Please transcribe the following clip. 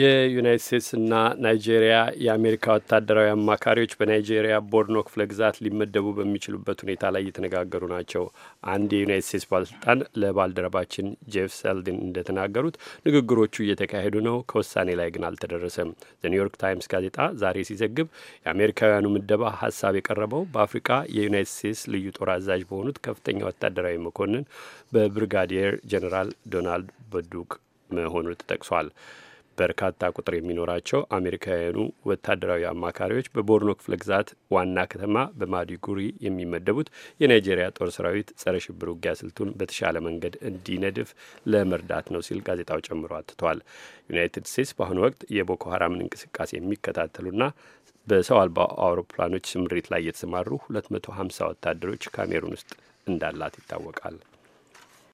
የዩናይት ስቴትስና ናይጄሪያ የአሜሪካ ወታደራዊ አማካሪዎች በናይጄሪያ ቦርኖ ክፍለ ግዛት ሊመደቡ በሚችሉበት ሁኔታ ላይ እየተነጋገሩ ናቸው። አንድ የዩናይት ስቴትስ ባለስልጣን ለባልደረባችን ጄፍ ሰልድን እንደተናገሩት ንግግሮቹ እየተካሄዱ ነው፣ ከውሳኔ ላይ ግን አልተደረሰም። ዘኒውዮርክ ታይምስ ጋዜጣ ዛሬ ሲዘግብ የአሜሪካውያኑ ምደባ ሀሳብ የቀረበው በአፍሪካ የዩናይት ስቴትስ ልዩ ጦር አዛዥ በሆኑት ከፍተኛ ወታደራዊ መኮንን በብሪጋዲየር ጀኔራል ዶናልድ በዱክ መሆኑ ተጠቅሷል። በርካታ ቁጥር የሚኖራቸው አሜሪካውያኑ ወታደራዊ አማካሪዎች በቦርኖ ክፍለ ግዛት ዋና ከተማ በማዲጉሪ የሚመደቡት የናይጄሪያ ጦር ሰራዊት ጸረ ሽብር ውጊያ ስልቱን በተሻለ መንገድ እንዲነድፍ ለመርዳት ነው ሲል ጋዜጣው ጨምሮ አትቷል። ዩናይትድ ስቴትስ በአሁኑ ወቅት የቦኮ ሀራምን እንቅስቃሴ የሚከታተሉና በሰው አልባ አውሮፕላኖች ስምሪት ላይ የተሰማሩ 250 ወታደሮች ካሜሩን ውስጥ እንዳላት ይታወቃል።